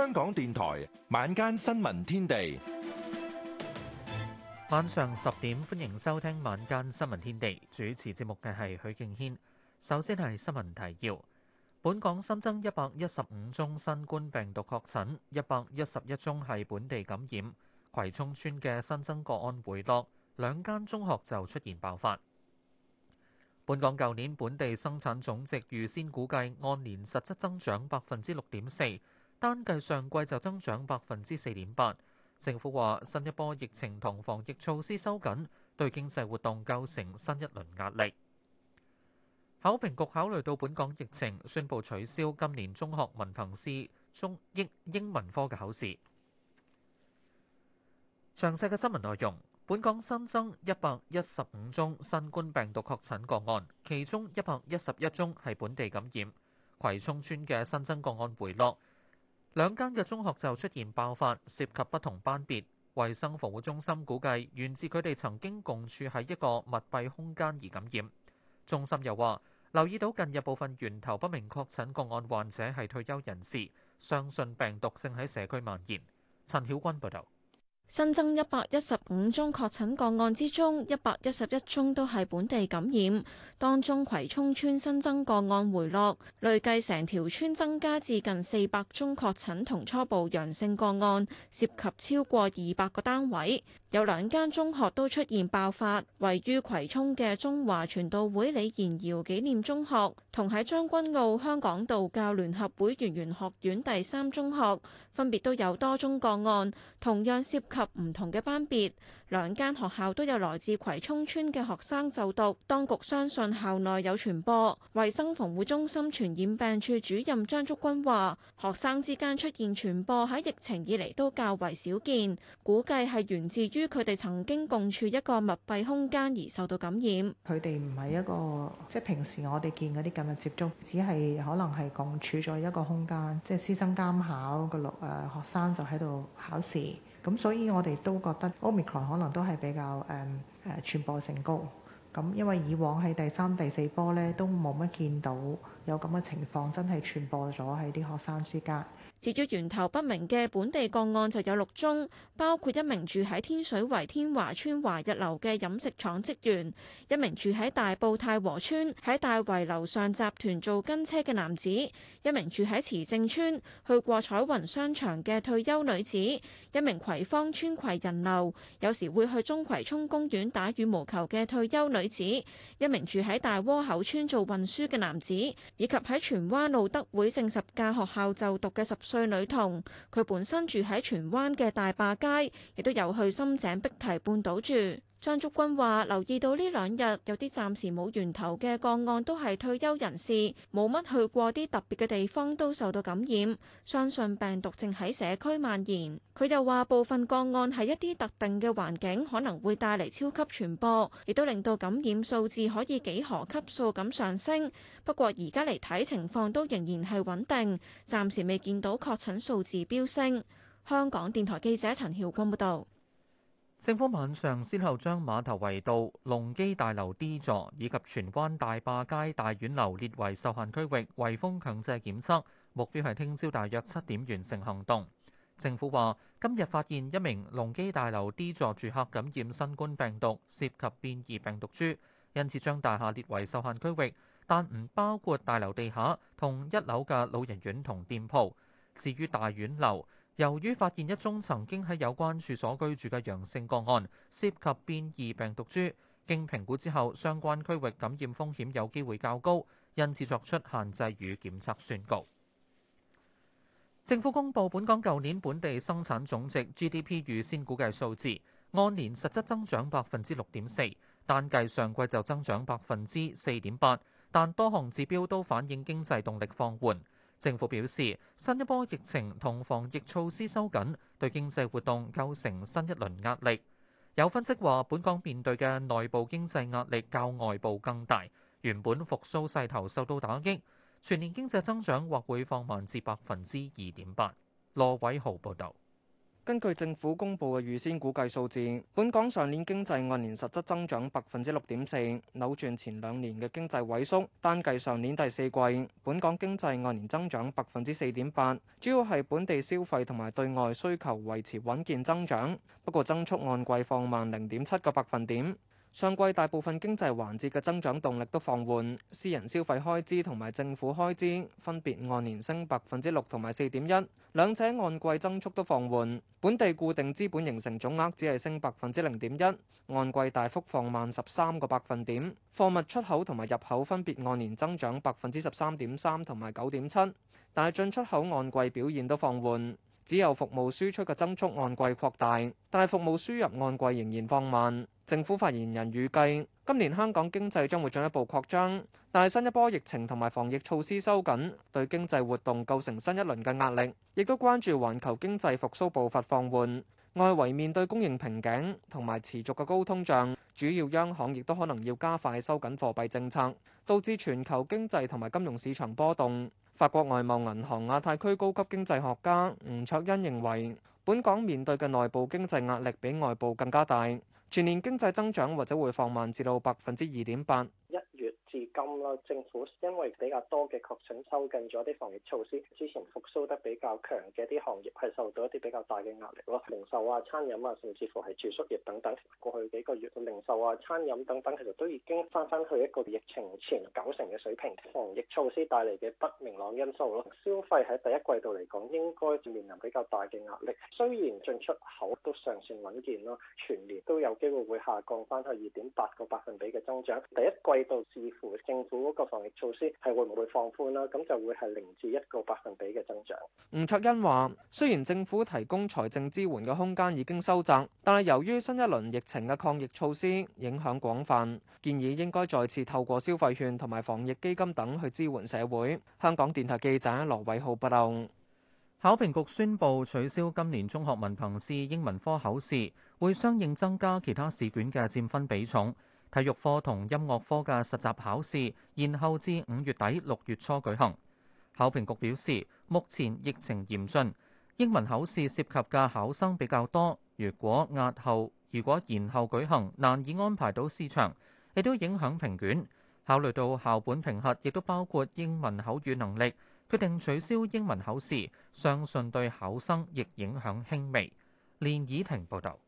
香港電台晚間新聞天地，晚上十點歡迎收聽晚間新聞天地。主持節目嘅係許敬軒。首先係新聞提要：本港新增一百一十五宗新冠病毒確診，一百一十一宗係本地感染。葵涌村嘅新增個案回落，兩間中學就出現爆發。本港舊年本地生產總值預先估計按年實質增長百分之六點四。單計上季就增長百分之四點八。政府話新一波疫情同防疫措施收緊，對經濟活動構成新一輪壓力。考評局考慮到本港疫情，宣布取消今年中學文憑試中英英文科嘅考試。詳細嘅新聞內容，本港新增一百一十五宗新冠病毒確診個案，其中一百一十一宗係本地感染。葵涌村嘅新增個案回落。兩間嘅中學就出現爆發，涉及不同班別。衛生防護中心估計，源自佢哋曾經共處喺一個密閉空間而感染。中心又話，留意到近日部分源頭不明確診個案患者係退休人士，相信病毒正喺社區蔓延。陳曉君報道。新增一百一十五宗確診個案之中，一百一十一宗都係本地感染。當中葵涌村新增個案回落，累計成條村增加至近四百宗確診同初步陽性個案，涉及超過二百個單位，有兩間中學都出現爆發，位於葵涌嘅中華傳道會李賢堯紀念中學同喺將軍澳香港道教聯合會圓玄學院第三中學。分別都有多宗個案，同樣涉及唔同嘅班別。兩間學校都有來自葵涌村嘅學生就讀，當局相信校內有傳播。衞生防護中心傳染病處主任張竹君話，學生之間出現傳播喺疫情以嚟都較為少見，估計係源自於佢哋曾經共處一個密閉空間而受到感染。佢哋唔係一個即係平時我哋見嗰啲噉嘅接觸，只係可能係共處咗一個空間，即係師生監考個六誒學生就喺度考試。咁所以我哋都覺得 Omicron 可能都係比較誒誒、um, 呃、傳播性高，咁因為以往喺第三、第四波咧都冇乜見到有咁嘅情況，真係傳播咗喺啲學生之間。至於源頭不明嘅本地個案就有六宗，包括一名住喺天水圍天華村華日樓嘅飲食廠職員，一名住喺大埔太和村喺大圍樓上集團做跟車嘅男子，一名住喺慈正村去過彩雲商場嘅退休女子，一名葵芳村葵仁樓有時會去中葵涌公園打羽毛球嘅退休女子，一名住喺大窩口村做運輸嘅男子，以及喺荃灣路德會聖十架學校就讀嘅十歲女童，佢本身住喺荃灣嘅大壩街，亦都有去深井碧堤半島住。張竹君話：留意到呢兩日有啲暫時冇源頭嘅個案，都係退休人士，冇乜去過啲特別嘅地方，都受到感染。相信病毒正喺社區蔓延。佢又話：部分個案係一啲特定嘅環境，可能會帶嚟超級傳播，亦都令到感染數字可以幾何級數咁上升。不過而家嚟睇情況都仍然係穩定，暫時未見到確診數字飆升。香港電台記者陳曉君報道。政府晚上先後將碼頭圍道、隆基大樓 D 座以及荃灣大壩街大院樓列為受限區域，圍封強制檢測，目標係聽朝大約七點完成行動。政府話今日發現一名隆基大樓 D 座住客感染新冠病毒，涉及變異病毒株，因此將大廈列為受限區域，但唔包括大樓地下同一樓嘅老人院同店鋪。至於大院樓，由於發現一宗曾經喺有關處所居住嘅陽性個案，涉及變異病毒株，經評估之後，相關區域感染風險有機會較高，因此作出限制與檢測宣告。政府公布本港舊年本地生產總值 （GDP） 預先估計數字，按年實質增長百分之六點四，單計上季就增長百分之四點八，但多項指標都反映經濟動力放緩。政府表示，新一波疫情同防疫措施收緊，對經濟活動構成新一輪壓力。有分析話，本港面對嘅內部經濟壓力較外部更大，原本復蘇勢頭受到打擊，全年經濟增長或會放慢至百分之二點八。羅偉豪報道。根據政府公布嘅預先估計數字，本港上年經濟按年實質增長百分之六點四，扭轉前兩年嘅經濟萎縮。單計上年第四季，本港經濟按年增長百分之四點八，主要係本地消費同埋對外需求維持穩健增長，不過增速按季放慢零點七個百分點。上季大部分經濟環節嘅增長動力都放緩，私人消費開支同埋政府開支分別按年升百分之六同埋四點一，兩者按季增速都放緩。本地固定資本形成總額只係升百分之零點一，按季大幅放慢十三個百分點。貨物出口同埋入口分別按年增長百分之十三點三同埋九點七，但係進出口按季表現都放緩。只有服務輸出嘅增速按季擴大，但係服務輸入按季仍然放慢。政府發言人預計今年香港經濟將會進一步擴張，但係新一波疫情同埋防疫措施收緊，對經濟活動構成新一輪嘅壓力。亦都關注環球經濟復甦步伐，步伐放緩，外圍面對供應瓶頸同埋持續嘅高通脹，主要央行亦都可能要加快收緊貨幣政策，導致全球經濟同埋金融市場波動。法國外貿銀行亞太區高級經濟學家吳卓恩認為，本港面對嘅內部經濟壓力比外部更加大，全年經濟增長或者會放慢至到百分之二點八。一月，至今啦，政府因為比較多嘅確診，收緊咗啲防疫措施。之前復甦得比較強嘅啲行業係受到一啲比較大嘅壓力咯，零售啊、餐飲啊，甚至乎係住宿業等等。過去幾個月嘅零售啊、餐飲等等，其實都已經返返去一個疫情前九成嘅水平。防疫措施帶嚟嘅不明朗因素咯，消費喺第一季度嚟講應該要面臨比較大嘅壓力。雖然進出口都尚算穩健咯，全年都有機會會下降返去二點八個百分比嘅增長。第一季度是。政府個防疫措施係會唔會放寬啦？咁就會，係零至一個百分比嘅增長。吳卓欣話，雖然政府提供財政支援嘅空間已經收窄，但係由於新一輪疫情嘅抗疫措施影響廣泛，建議應該再次透過消費券同埋防疫基金等去支援社會。香港電台記者羅偉浩報道。考評局宣布取消今年中學文憑試英文科考試，會相應增加其他試卷嘅佔分比重。體育科同音樂科嘅實習考試延後至五月底六月初舉行。考評局表示，目前疫情嚴峻，英文考試涉及嘅考生比較多，如果押後，如果延後舉行，難以安排到試場，亦都影響評卷。考慮到校本評核亦都包括英文口語能力，決定取消英文考試，相信對考生亦影響輕微。連怡婷報導。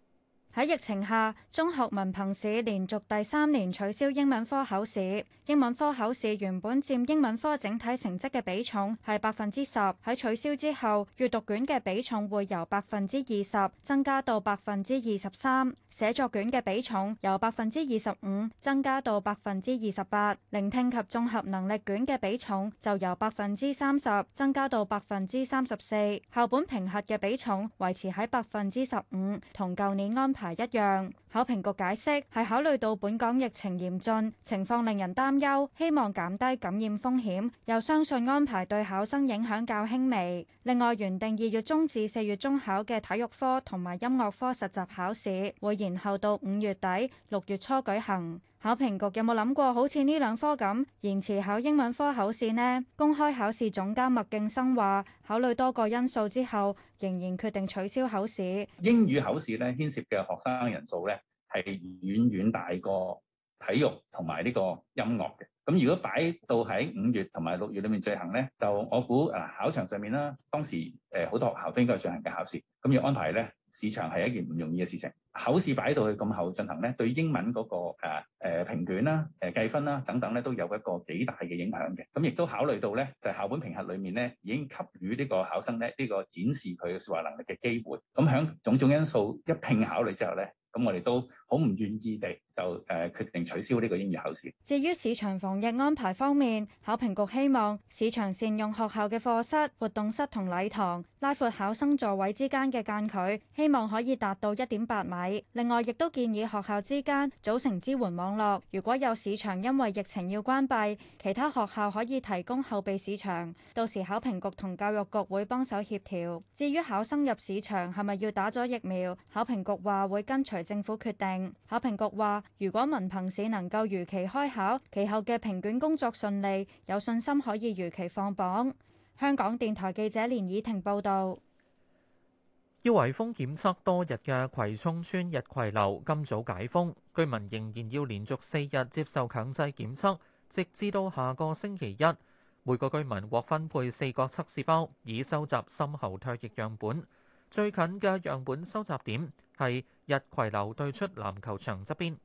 喺疫情下，中學文憑試連續第三年取消英文科口試，英文科口試原本佔英文科整體成績嘅比重係百分之十，喺取消之後，閱讀卷嘅比重會由百分之二十增加到百分之二十三。寫作卷嘅比重由百分之二十五增加到百分之二十八，聆聽及綜合能力卷嘅比重就由百分之三十增加到百分之三十四，校本評核嘅比重維持喺百分之十五，同舊年安排一樣。考評局解釋，係考慮到本港疫情嚴峻，情況令人擔憂，希望減低感染風險，又相信安排對考生影響較輕微。另外，原定二月中至四月中考嘅體育科同埋音樂科實習考試，會延後到五月底六月初舉行。考評局有冇諗過好似呢兩科咁延遲考英文科考試呢？公開考試總監麥敬生話，考慮多個因素之後，仍然決定取消考試。英語考試咧，牽涉嘅學生人數咧係遠遠大過體育同埋呢個音樂嘅。咁如果擺到喺五月同埋六月裏面進行咧，就我估啊考場上面啦，當時誒好多學校都應該係進行嘅考試，咁要安排咧。市場係一件唔容易嘅事情，考試擺到去咁後進行咧，對英文嗰、嗰個誒誒評卷啦、誒、呃、計分啦、啊呃啊、等等咧，都有一個幾大嘅影響嘅。咁、嗯、亦都考慮到咧，就係、校本評核裡面咧，已經給予呢個考生咧呢、呢個展示佢嘅説話能力嘅機會。咁、嗯、響種種因素一拼考慮之後咧，咁、嗯、我哋都好唔願意地就誒決定取消呢個英語考試。至於試場防疫安排方面，考評局希望試場善用學校嘅課室、活動室同禮堂，拉闊考生座位之間嘅間距，希望可以達到一點八米。另外，亦都建議學校之間組成支援網絡，如果有試場因為疫情要關閉，其他學校可以提供後備試場。到時考評局同教育局會幫手協調。至於考生入試場係咪要打咗疫苗，考評局話會跟隨政府決定。考評局話：如果文憑試能夠如期開考，其後嘅評卷工作順利，有信心可以如期放榜。香港電台記者連以婷報道。要圍封檢測多日嘅葵涌村日葵樓今早解封，居民仍然要連續四日接受強制檢測，直至到下個星期一。每個居民獲分配四個測試包，以收集深喉唾液樣本。最近嘅樣本收集點係，日葵樓對出籃球場側邊，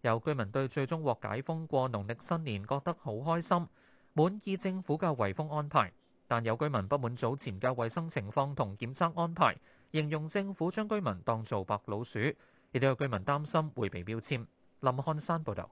有居民對最終獲解封過農曆新年覺得好開心，滿意政府嘅圍封安排。但有居民不滿早前嘅衛生情況同檢測安排，形容政府將居民當做白老鼠。亦都有居民擔心會被標籤。林漢山報道，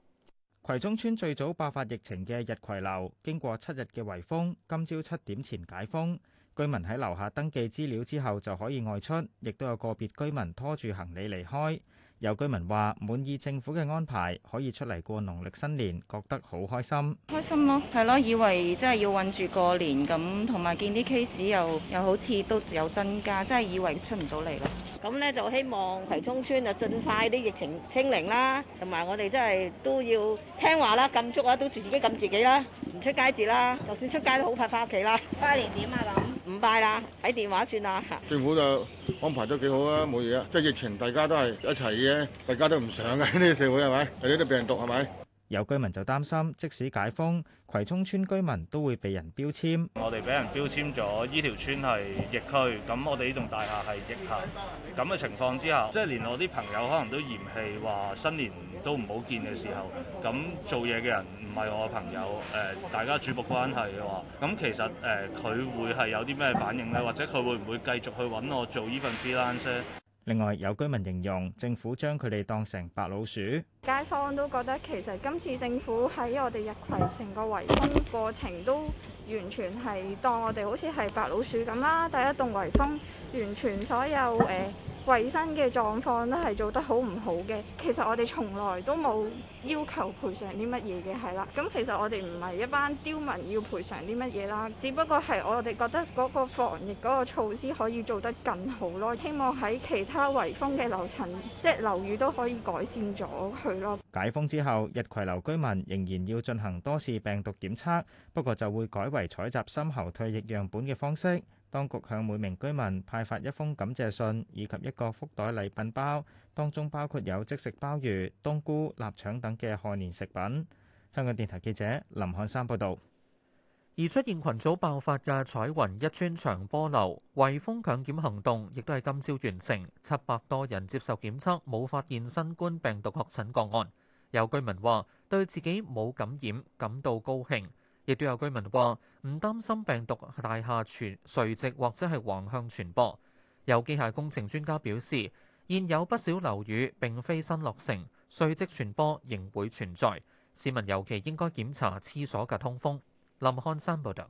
葵涌村最早爆發疫情嘅日葵樓，經過七日嘅圍封，今朝七點前解封。居民喺樓下登記資料之後就可以外出，亦都有個別居民拖住行李離開。有居民話滿意政府嘅安排，可以出嚟過農曆新年，覺得好開心。開心咯，係咯，以為真係要困住過年咁，同埋見啲 case 又又好似都有增加，真係以為出唔到嚟啦。咁咧就希望葵涌村啊，盡快啲疫情清零啦，同埋我哋真係都要聽話啦，禁足啊，都自己禁自己啦，唔出街住啦，就算出街都好快翻屋企啦。拜年點啊咁？唔拜喇，睇電話算喇。政府就安排得幾好呀，冇嘢。即係疫情，大家都係一齊嘅，大家都唔想嘅呢個社會係咪？係呢啲病毒係咪？是有居民就擔心，即使解封，葵涌村居民都會被人標籤。我哋俾人標籤咗，依條村係疫區，咁我哋呢棟大廈係疫行。咁嘅情況之下，即係連我啲朋友可能都嫌棄話新年都唔好見嘅時候，咁做嘢嘅人唔係我朋友，誒、呃、大家主僕關係嘅話，咁其實誒佢、呃、會係有啲咩反應呢？或者佢會唔會繼續去揾我做份呢份 freelance？另外有居民形容政府將佢哋當成白老鼠，街坊都覺得其實今次政府喺我哋日葵成個圍封過程都完全係當我哋好似係白老鼠咁啦。第一棟圍封完全所有誒。呃衞生嘅狀況都係做得好唔好嘅，其實我哋從來都冇要求賠償啲乜嘢嘅，係啦。咁其實我哋唔係一班刁民要賠償啲乜嘢啦，只不過係我哋覺得嗰個防疫嗰個措施可以做得更好咯，希望喺其他圍封嘅樓層，即係樓宇都可以改善咗佢咯。解封之後，日葵樓居民仍然要進行多次病毒檢測，不過就會改為採集深喉唾液樣本嘅方式。當局向每名居民派發一封感謝信以及一個福袋禮品包，當中包括有即食鮑魚、冬菇、臘腸等嘅賀年食品。香港電台記者林漢山報導。而出現群組爆發嘅彩雲一村長波樓，圍封強檢行動亦都係今朝完成，七百多人接受檢測，冇發現新冠病毒確診個案。有居民話，對自己冇感染感到高興。亦都有居民話唔擔心病毒大廈傳垂直或者係橫向傳播。有機械工程專家表示，現有不少樓宇並非新落成，垂直傳播仍會存在。市民尤其應該檢查廁所嘅通風。林漢山報導。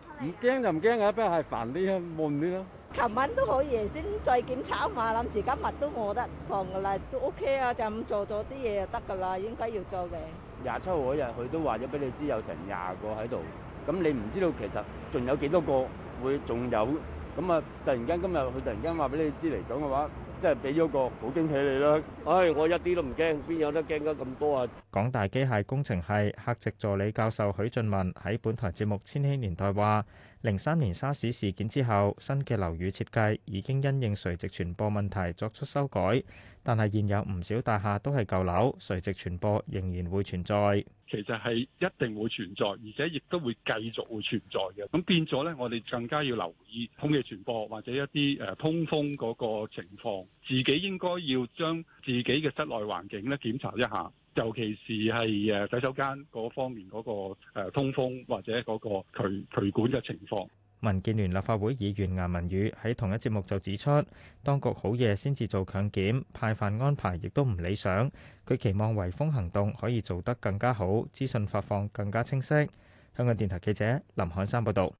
唔驚就唔驚啊，不過係煩啲啊，悶啲咯。琴晚都可以先再檢查啊嘛，諗住今日都冇得放嚟，都 OK 啊，就咁做咗啲嘢就得噶啦，應該要做嘅。廿七號嗰日佢都話咗俾你知有成廿個喺度，咁你唔知道其實仲有幾多個會仲有，咁啊突然間今日佢突然間話俾你知嚟講嘅話。真係俾咗個好驚喜你啦！唉，我一啲都唔驚，邊有得驚得咁多啊？港大機械工程系客席助理教授許俊文喺本台節目《千禧年代》話。零三年沙士事件之後，新嘅樓宇設計已經因應垂直傳播問題作出修改，但係現有唔少大廈都係舊樓，垂直傳播仍然會存在。其實，係一定會存在，而且亦都會繼續會存在嘅。咁變咗咧，我哋更加要留意空氣傳播或者一啲誒通風嗰個情況，自己應該要將自己嘅室內環境咧檢查一下。尤其是係誒洗手間嗰方面嗰個誒通風或者嗰個渠管嘅情況。民建聯立法會議員顏汶羽喺同一節目就指出，當局好夜先至做強檢，派飯安排亦都唔理想。佢期望圍封行動可以做得更加好，資訊發放更加清晰。香港電台記者林海山報導。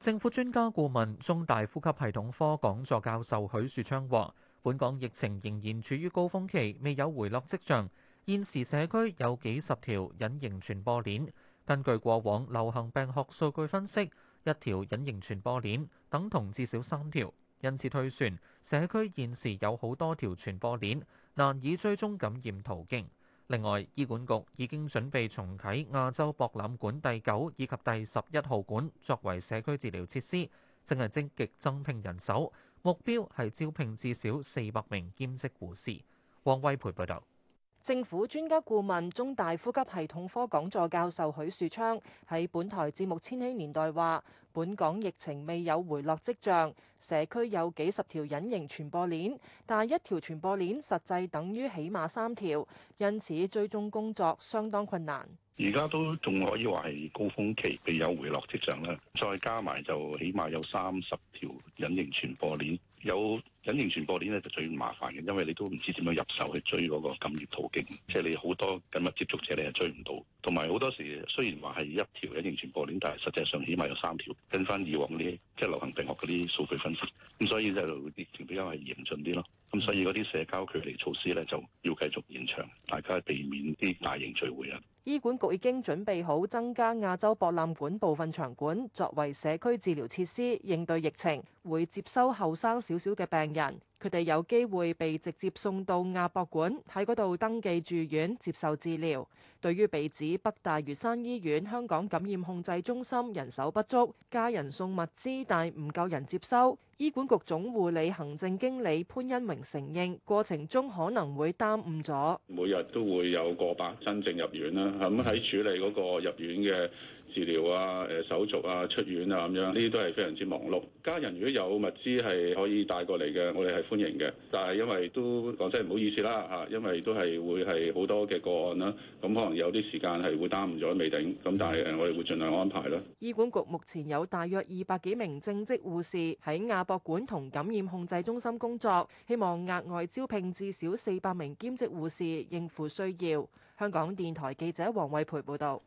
政府專家顧問中大呼吸系統科講座教授許樹昌話，本港疫情仍然處於高峰期，未有回落跡象。現時社區有幾十條隱形傳播鏈，根據過往流行病學數據分析，一條隱形傳播鏈等同至少三條，因此推算社區現時有好多條傳播鏈，難以追蹤感染途徑。另外，醫管局已經準備重啟亞洲博覽館第九以及第十一號館作為社區治療設施，正係積極增聘人手，目標係招聘至少四百名兼職護士。王威培報導。政府專家顧問、中大呼吸系統科講座教授許樹昌喺本台節目《千禧年代》話：本港疫情未有回落跡象，社區有幾十條隱形傳播鏈，但一條傳播鏈實際等於起碼三條，因此追蹤工作相當困難。而家都仲可以話係高峰期，未有回落跡象啦，再加埋就起碼有三十條隱形傳播鏈。有隱形傳播鏈咧就最麻煩嘅，因為你都唔知點樣入手去追嗰個感染途徑，即係你好多緊密接觸者你係追唔到，同埋好多時雖然話係一條隱形傳播鏈，但係實際上起碼有三條，跟翻以往啲即係流行病學嗰啲數據分析，咁所以就疫情比較係嚴峻啲咯。咁所以嗰啲社交距離措施咧就要繼續延長，大家避免啲大型聚會啊。醫管局已經準備好增加亞洲博覽館部分場館作為社區治療設施，應對疫情，會接收後生少少嘅病人。佢哋有機會被直接送到亞博館，喺嗰度登記住院接受治療。對於被指北大嶼山醫院香港感染控制中心人手不足，家人送物資但唔夠人接收，醫管局總護理行政經理潘恩榮承認，過程中可能會耽誤咗。每日都會有過百真正入院啦，咁喺處理嗰個入院嘅。治療啊、誒手續啊、出院啊咁樣，呢啲都係非常之忙碌。家人如果有物資係可以帶過嚟嘅，我哋係歡迎嘅。但係因為都講真唔好意思啦嚇，因為都係會係好多嘅個案啦，咁可能有啲時間係會耽誤咗未定。咁但係我哋會盡量安排啦。醫管局目前有大約二百幾名正職護士喺亞博館同感染控制中心工作，希望額外招聘至少四百名兼職護士應付需要。香港電台記者黃慧培報道。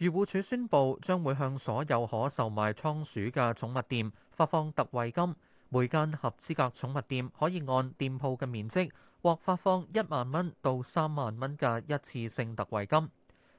漁護署宣布將會向所有可售賣倉鼠嘅寵物店發放特惠金，每間合資格寵物店可以按店鋪嘅面積獲發放一萬蚊到三萬蚊嘅一次性特惠金。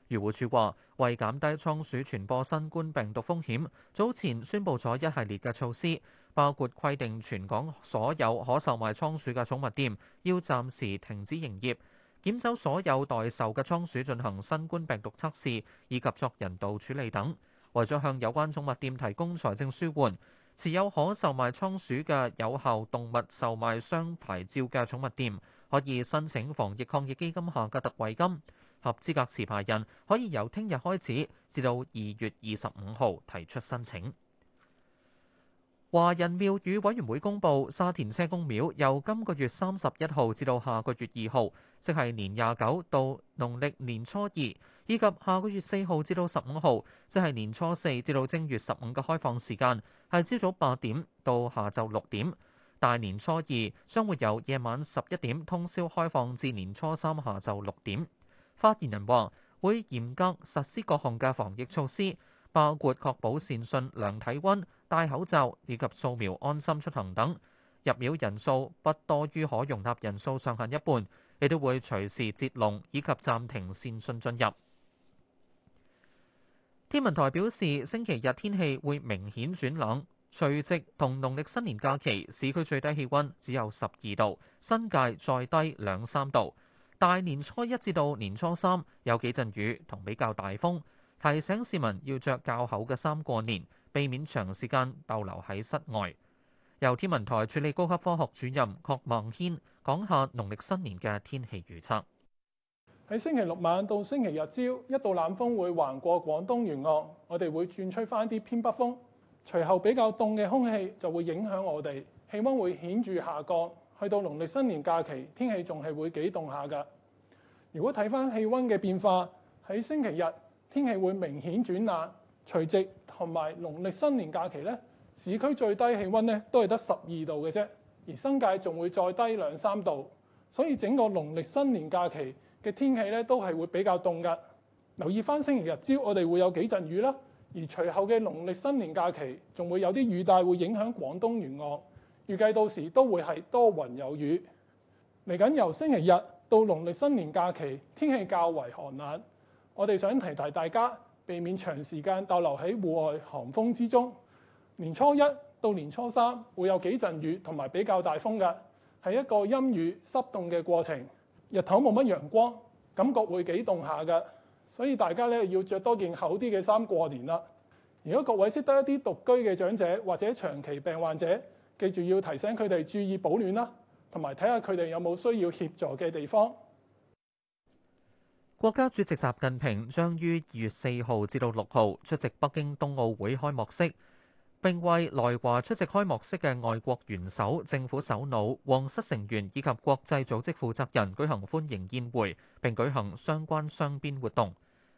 漁護署話，為減低倉鼠傳播新冠病毒風險，早前宣布咗一系列嘅措施，包括規定全港所有可售賣倉鼠嘅寵物店要暫時停止營業。檢收所有待售嘅倉鼠進行新冠病毒測試，以及作人道處理等，為咗向有關寵物店提供財政舒緩，持有可售賣倉鼠嘅有效動物售賣商牌照嘅寵物店可以申請防疫抗疫基金下嘅特惠金，合資格持牌人可以由聽日開始至到二月二十五號提出申請。華人廟宇委員會公布，沙田車公廟由今個月三十一號至到下個月二號，即係年廿九到農曆年初二，以及下個月四號至到十五號，即係年初四至到正月十五嘅開放時間，係朝早八點到下晝六點。大年初二將會由夜晚十一點通宵開放至年初三下晝六點。發言人話會嚴格實施各項嘅防疫措施，包括確保善信、量體温。戴口罩以及掃描安心出行等，入廟人數不多於可容納人數上限一半，亦都會隨時截龍以及暫停善信進入。天文台表示，星期日天氣會明顯轉冷，除夕同農曆新年假期市區最低氣温只有十二度，新界再低兩三度。大年初一至到年初三有幾陣雨同比較大風，提醒市民要着較厚嘅衫過年。避免長時間逗留喺室外。由天文台處理高級科學主任郭孟軒講下農曆新年嘅天氣預測。喺星期六晚到星期日朝，一道冷風會橫過廣東沿岸，我哋會轉吹翻啲偏北風。隨後比較凍嘅空氣就會影響我哋，氣温會顯著下降。去到農曆新年假期，天氣仲係會幾凍下㗎。如果睇翻氣温嘅變化，喺星期日天氣會明顯轉冷，隨即。同埋農曆新年假期咧，市區最低氣溫咧都係得十二度嘅啫，而新界仲會再低兩三度，所以整個農曆新年假期嘅天氣咧都係會比較凍㗎。留意返星期日朝，我哋會有幾陣雨啦，而隨後嘅農曆新年假期仲會有啲雨帶會影響廣東沿岸，預計到時都會係多雲有雨。嚟緊由星期日到農曆新年假期，天氣較為寒冷，我哋想提提大家。避免長時間逗留喺戶外寒風之中。年初一到年初三會有幾陣雨同埋比較大風㗎，係一個陰雨濕凍嘅過程。日頭冇乜陽光，感覺會幾凍下㗎，所以大家咧要着多件厚啲嘅衫過年啦。如果各位識得一啲獨居嘅長者或者長期病患者，記住要提醒佢哋注意保暖啦，同埋睇下佢哋有冇需要協助嘅地方。國家主席習近平將於二月四號至到六號出席北京冬奧會開幕式，並為來華出席開幕式嘅外國元首、政府首腦、皇室成員以及國際組織負責人舉行歡迎宴會，並舉行相關雙邊活動。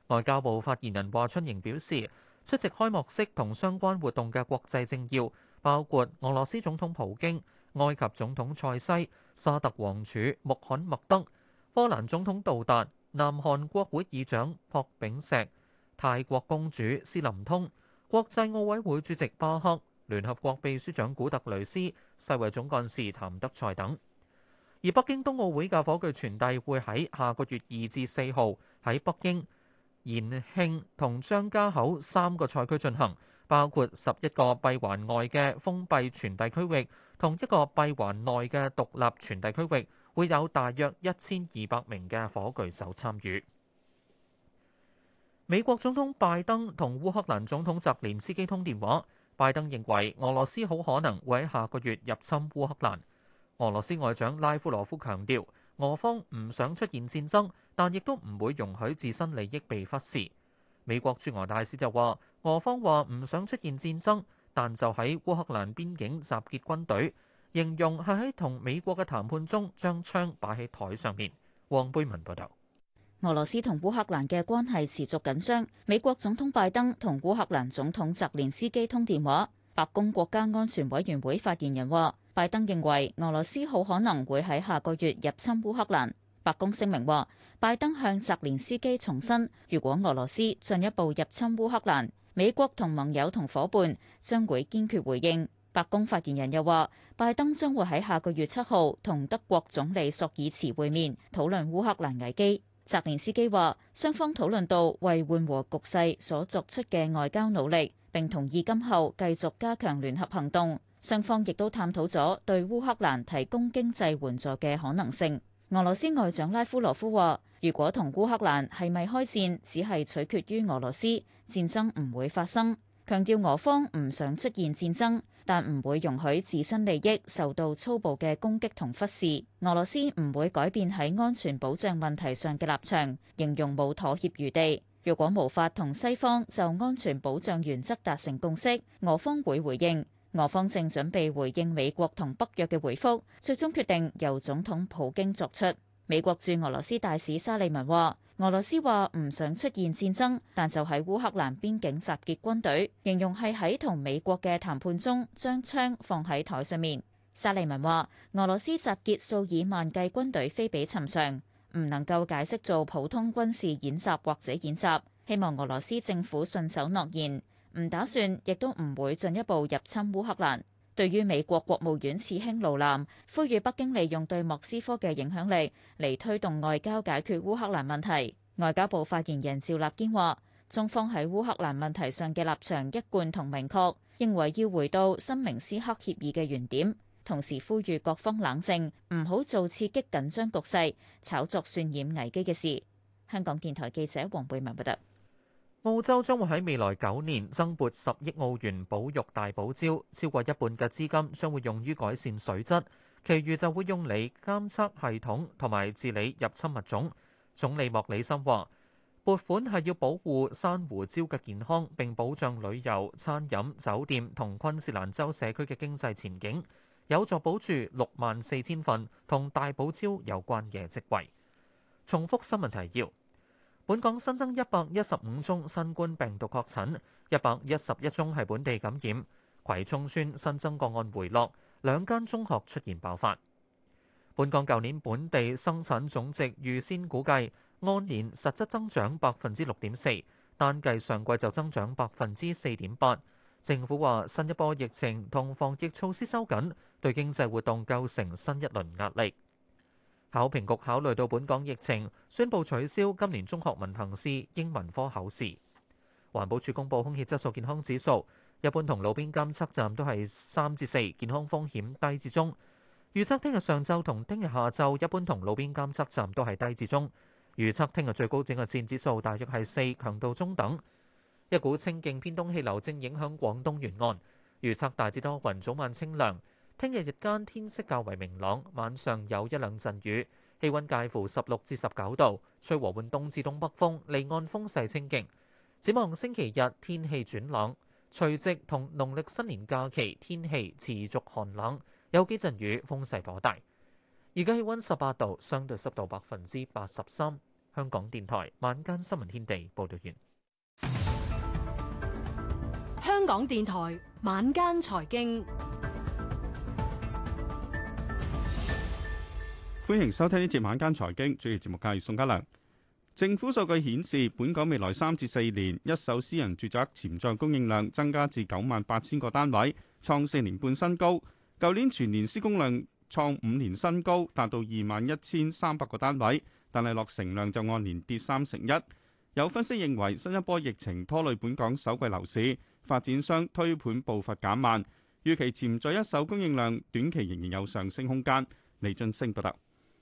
外交部發言人華春瑩表示，出席開幕式同相關活動嘅國際政要包括俄羅斯總統普京、埃及總統塞西、沙特王儲穆罕默德、波蘭總統杜達。南韓國會議長朴炳錫、泰國公主詩琳通、國際奧委會主席巴赫、聯合國秘書長古特雷斯、世衞總幹事譚德塞等。而北京冬奧會嘅火炬傳遞會喺下個月二至四號喺北京、延慶同張家口三個賽區進行，包括十一個閉環外嘅封閉傳遞區域，同一個閉環內嘅獨立傳遞區域。會有大約一千二百名嘅火炬手參與。美國總統拜登同烏克蘭總統澤連斯基通電話，拜登認為俄羅斯好可能會喺下個月入侵烏克蘭。俄羅斯外長拉夫羅夫強調，俄方唔想出現戰爭，但亦都唔會容許自身利益被忽視。美國駐俄大使就話，俄方話唔想出現戰爭，但就喺烏克蘭邊境集結軍隊。形容係喺同美國嘅談判中將槍擺喺台上面。黃貝文報導，俄羅斯同烏克蘭嘅關係持續緊張。美國總統拜登同烏克蘭總統澤連斯基通電話。白宮國家安全委員會發言人話，拜登認為俄羅斯好可能會喺下個月入侵烏克蘭。白宮聲明話，拜登向澤連斯基重申，如果俄羅斯進一步入侵烏克蘭，美國同盟友同伙伴將會堅決回應。白宮發言人又話：拜登將會喺下個月七號同德國總理索爾茨會面，討論烏克蘭危機。澤連斯基話，雙方討論到為緩和局勢所作出嘅外交努力，並同意今後繼續加強聯合行動。雙方亦都探討咗對烏克蘭提供經濟援助嘅可能性。俄羅斯外長拉夫羅夫話，如果同烏克蘭係咪開戰，只係取決於俄羅斯，戰爭唔會發生，強調俄方唔想出現戰爭。但唔會容許自身利益受到粗暴嘅攻擊同忽視。俄羅斯唔會改變喺安全保障問題上嘅立場，形容冇妥協餘地。如果無法同西方就安全保障原則達成共識，俄方會回應。俄方正準備回應美國同北約嘅回覆，最終決定由總統普京作出。美國駐俄羅斯大使沙利文話。俄羅斯話唔想出現戰爭，但就喺烏克蘭邊境集結軍隊，形容係喺同美國嘅談判中將槍放喺台上面。薩利文話：俄羅斯集結數以萬計軍隊非比尋常，唔能夠解釋做普通軍事演習或者演習。希望俄羅斯政府信守諾言，唔打算亦都唔會進一步入侵烏克蘭。對於美國國務院次卿盧嵐，呼籲北京利用對莫斯科嘅影響力嚟推動外交解決烏克蘭問題。外交部發言人趙立堅話，中方喺烏克蘭問題上嘅立場一貫同明確，認為要回到《新明斯克協議》嘅原點，同時呼籲各方冷靜，唔好做刺激緊張局勢、炒作渲染危機嘅事。香港電台記者黃貝文報道。澳洲將會喺未來九年增撥十億澳元保育大堡礁，超過一半嘅資金將會用於改善水質，其餘就會用嚟監測系統同埋治理入侵物種。總理莫里森話：撥款係要保護珊瑚礁嘅健康，並保障旅遊、餐飲、酒店同昆士蘭州社區嘅經濟前景，有助保住六萬四千份同大堡礁有關嘅職位。重複新聞提要。本港新增一百一十五宗新冠病毒確診，一百一十一宗係本地感染。葵涌邨新增個案回落，兩間中學出現爆發。本港舊年本地生產總值預先估計按年實質增長百分之六點四，單計上季就增長百分之四點八。政府話新一波疫情同防疫措施收緊，對經濟活動構成新一輪壓力。考評局考慮到本港疫情，宣布取消今年中學文憑試英文科考試。環保署公布空氣質素健康指數，一般同路邊監測站都係三至四，健康風險低至中。預測聽日上晝同聽日下晝，一般同路邊監測站都係低至中。預測聽日最高整個線指數大約係四，強度中等。一股清勁偏東氣流正影響廣東沿岸，預測大致多雲，早晚清涼。聽日日間天色較為明朗，晚上有一兩陣雨，氣溫介乎十六至十九度，吹和緩東至東北風，離岸風勢清勁。展望星期日天氣轉冷，除夕同農曆新年假期天氣持續寒冷，有幾陣雨，風勢頗大。而家氣溫十八度，相對濕度百分之八十三。香港電台晚間新聞天地報道完。香港電台晚間財經。歡迎收聽呢節晚間財經，主持節目嘅係宋嘉良。政府數據顯示，本港未來三至四年一手私人住宅潛在供應量增加至九萬八千個單位，創四年半新高。舊年全年施工量創五年新高，達到二萬一千三百個單位，但係落成量就按年跌三成一。有分析認為，新一波疫情拖累本港首季樓市，發展商推盤步伐減慢，預期潛在一手供應量短期仍然有上升空間。李俊升報道。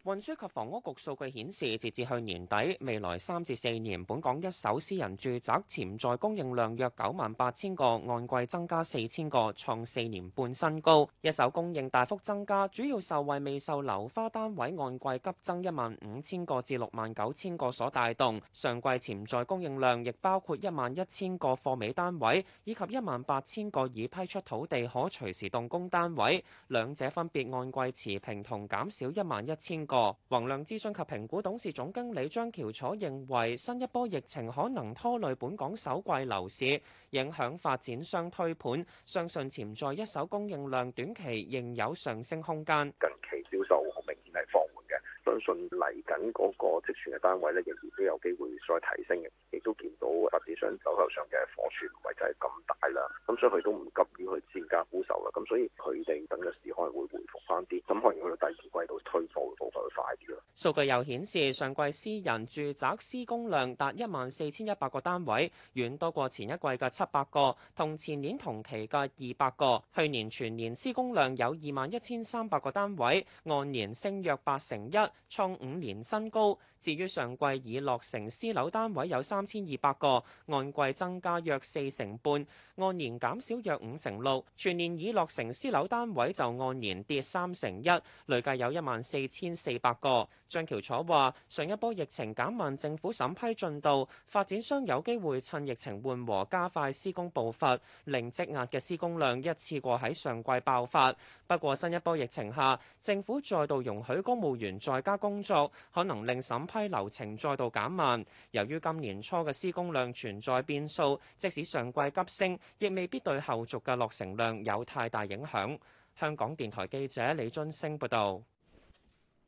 運輸及房屋局數據顯示，截至去年底，未來三至四年本港一手私人住宅潛在供應量約九萬八千個，按季增加四千個，創四年半新高。一手供應大幅增加，主要受惠未售樓花單位按季急增一萬五千個至六萬九千個所帶動。上季潛在供應量亦包括一萬一千個貨尾單位以及一萬八千個已批出土地可隨時動工單位，兩者分別按季持平同減少一萬一千個。個宏亮資訊及評估董事總經理張喬楚認為，新一波疫情可能拖累本港首季樓市，影響發展商推盤，相信潛在一手供應量短期仍有上升空間。近期銷售好明顯係放緩嘅，相信嚟緊嗰個積存嘅單位呢，仍然都有機會再提升嘅。亦都見到發展商手頭上嘅貨存唔係真係咁大啦，咁所以佢都唔急於去增加銷售啦，咁所以佢哋等嘅時可能會回復翻啲，咁可能去到第二季度推貨嘅步伐會快啲啦。數據又顯示，上季私人住宅施工量達一萬四千一百個單位，遠多過前一季嘅七百個，同前年同期嘅二百個。去年全年施工量有二萬一千三百個單位，按年升約八成一，創五年新高。至於上季已落成私樓單位有三千二百個，按季增加約四成半，按年減少約五成六。全年已落成私樓單位就按年跌三成一，累計有一萬四千四百個。張橋楚話：上一波疫情減慢政府審批進度，發展商有機會趁疫情緩和加快施工步伐，令積壓嘅施工量一次過喺上季爆發。不過新一波疫情下，政府再度容許公務員在家工作，可能令審批流程再度減慢。由於今年初嘅施工量存在變數，即使上季急升，亦未必對後續嘅落成量有太大影響。香港電台記者李津升報道。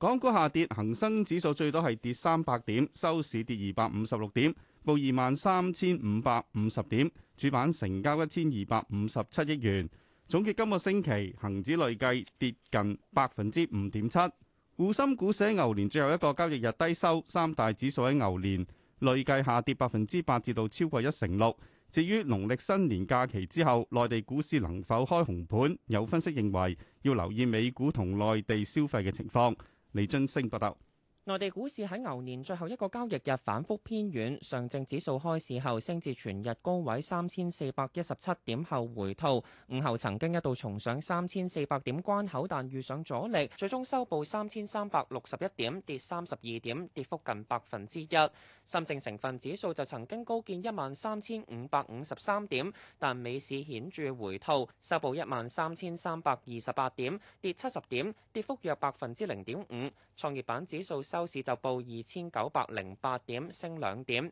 港股下跌，恒生指數最多係跌三百點，收市跌二百五十六點，報二萬三千五百五十點，主板成交一千二百五十七億元。總結今個星期恒指累計跌近百分之五點七。滬深股市喺牛年最後一個交易日低收，三大指數喺牛年累計下跌百分之八，至到超過一成六。至於農曆新年假期之後，內地股市能否開紅盤？有分析認為要留意美股同內地消費嘅情況。李俊升報道。內地股市喺牛年最後一個交易日反覆偏軟，上證指數開市後升至全日高位三千四百一十七點後回吐，午後曾經一度重上三千四百點關口，但遇上阻力，最終收報三千三百六十一點，跌三十二點，跌幅近百分之一。深證成分指數就曾經高見一萬三千五百五十三點，但尾市顯著回吐，收報一萬三千三百二十八點，跌七十點，跌幅約百分之零點五。創業板指數。收市就報二千九百零八點，升兩點。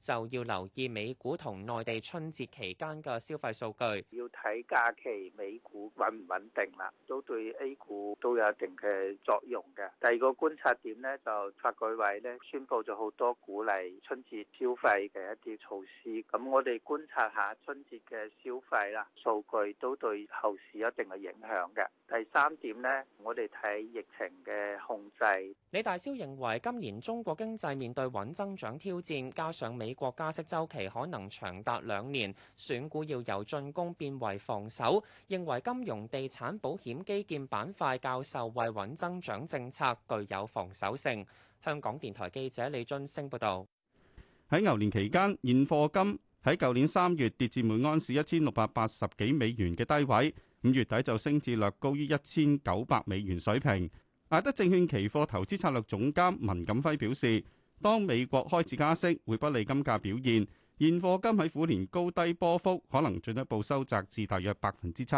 就要留意美股同內地春節期間嘅消費數據，要睇假期美股穩唔穩定啦，都對 A 股都有一定嘅作用嘅。第二個觀察點咧，就發改委咧宣布咗好多鼓勵春節消費嘅一啲措施，咁我哋觀察下春節嘅消費啦，數據都對後市一定嘅影響嘅。第三點咧，我哋睇疫情嘅控制。李大霄認為今年中國經濟面對穩增長挑戰，加上美國加息週期可能長達兩年，選股要由進攻變為防守。認為金融、地產、保險、基建板塊較受惠，穩增長政策具有防守性。香港電台記者李津升報導。喺牛年期間，現貨金喺舊年三月跌至每安士一千六百八十幾美元嘅低位，五月底就升至略高於一千九百美元水平。艾德證券期貨投資策略總監文錦輝表示。當美國開始加息，會不利金價表現。現貨金喺虎年高低波幅，可能進一步收窄至大約百分之七。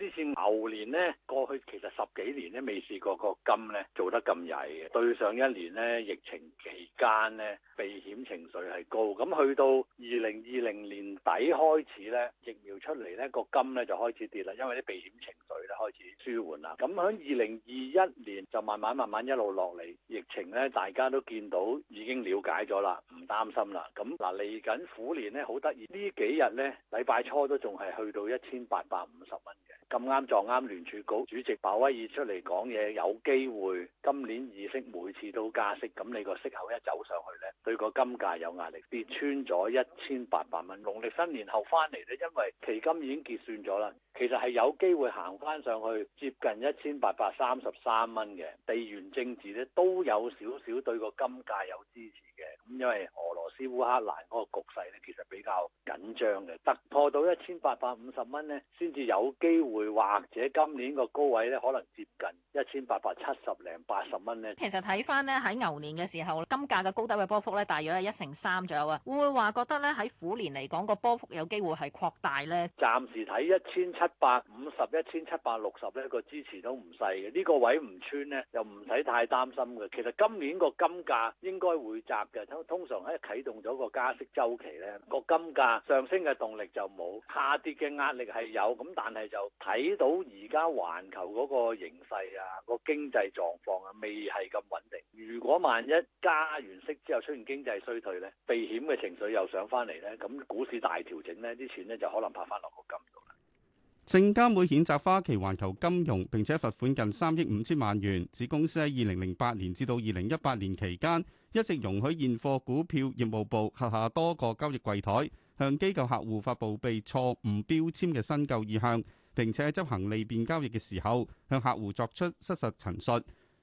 之前牛年呢，過去其實十幾年咧未試過個金呢做得咁曳嘅。對上一年呢，疫情期間呢，避險情緒係高，咁去到二零二零年底開始呢，疫苗出嚟呢個金呢，就開始跌啦，因為啲避險情緒咧開始舒緩啦。咁喺二零二一年就慢慢慢慢一路落嚟，疫情呢，大家都見到已經了解咗啦，唔擔心啦。咁嗱嚟緊虎年呢，好得意，呢幾日呢，禮拜初都仲係去到一千八百五十蚊嘅。咁啱撞啱聯儲局主席鮑威爾出嚟講嘢，有機會今年議息每次都加息，咁你個息口一走上去呢，對個金價有壓力，跌穿咗一千八百蚊。農曆新年後翻嚟呢，因為期金已經結算咗啦，其實係有機會行翻上去接近一千八百三十三蚊嘅。地緣政治呢，都有少少對個金價有支持。因為俄羅斯烏克蘭嗰個局勢咧，其實比較緊張嘅，突破到一千八百五十蚊咧，先至有機會，或者今年個高位咧，可能接近一千八百七十零八十蚊咧。其實睇翻咧，喺牛年嘅時候，金價嘅高低嘅波幅咧，大約係一成三左右啊。會唔會話覺得咧，喺虎年嚟講，個波幅有機會係擴大咧？暫時睇一千七百五十、一千七百六十咧，個支持都唔細嘅。呢個位唔穿咧，又唔使太擔心嘅。其實今年個金價應該會窄嘅。通常喺啟動咗個加息周期呢，呢個金價上升嘅動力就冇，下跌嘅壓力係有。咁但係就睇到而家環球嗰個形勢啊，個經濟狀況啊，未係咁穩定。如果萬一加完息之後出現經濟衰退呢，避險嘅情緒又上翻嚟呢，咁股市大調整呢啲錢呢，就可能拍翻落個金度啦。證監會譴責花旗環球金融，並且罰款近三億五千萬元，指公司喺二零零八年至到二零一八年期間，一直容許現貨股票業務部轄下多個交易櫃台向機構客戶發佈被錯誤標籤嘅新舊意向，並且喺執行利便交易嘅時候向客戶作出失實陳述。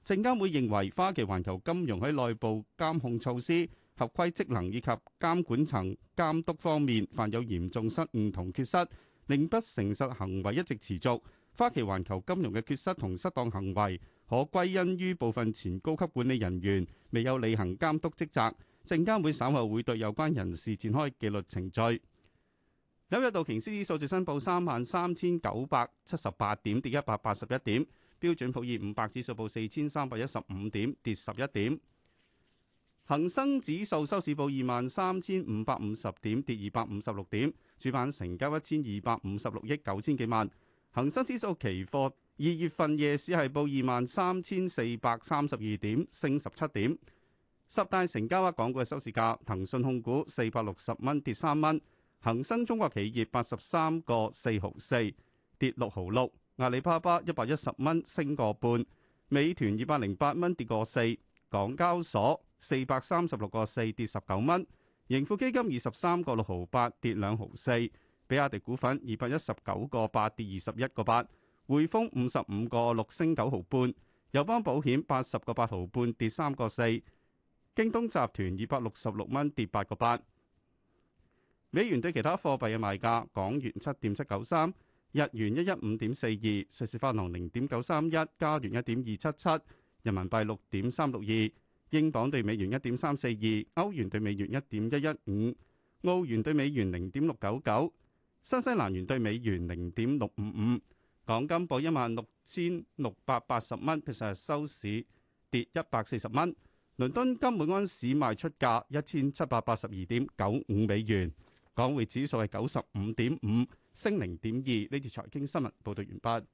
證監會認為花旗環球金融喺內部監控措施、合規職能以及監管層監督方面，犯有嚴重失誤同缺失，令不誠實行為一直持續，花旗環球金融嘅缺失同失當行為，可歸因於部分前高級管理人員未有履行監督職責。證監會稍後會對有關人士展開紀律程序。紐約道瓊斯指數最新報三萬三千九百七十八點，跌一百八十一點；標準普爾五百指數報四千三百一十五點，跌十一點。恒生指數收市報二萬三千五百五十點，跌二百五十六點。主板成交一千二百五十六億九千幾萬。恒生指數期貨二月份夜市係報二萬三千四百三十二點，升十七點。十大成交額港股嘅收市價：騰訊控股四百六十蚊，跌三蚊；恒生中國企業八十三個四毫四，跌六毫六；阿里巴巴一百一十蚊，升個半；美團二百零八蚊，跌個四；港交所，四百三十六個四，跌十九蚊，盈富基金二十三個六毫八，跌兩毫四，比亞迪股份二百一十九個八，跌二十一個八，匯豐五十五個六，升九毫半，友邦保險八十個八毫半，跌三個四，京東集團二百六十六蚊，跌八個八，美元兌其他貨幣嘅賣價：港元七點七九三，日元一一五點四二，瑞士法郎零點九三一，加元一點二七七，人民幣六點三六二。英鎊兌美元一點三四二，歐元兌美元一點一一五，澳元兌美元零點六九九，新西蘭元兌美元零點六五五。港金報一萬六千六百八十蚊，其實係收市跌一百四十蚊。倫敦金本安市賣出價一千七百八十二點九五美元，港匯指數係九十五點五升零點二。呢次財經新聞報道完畢。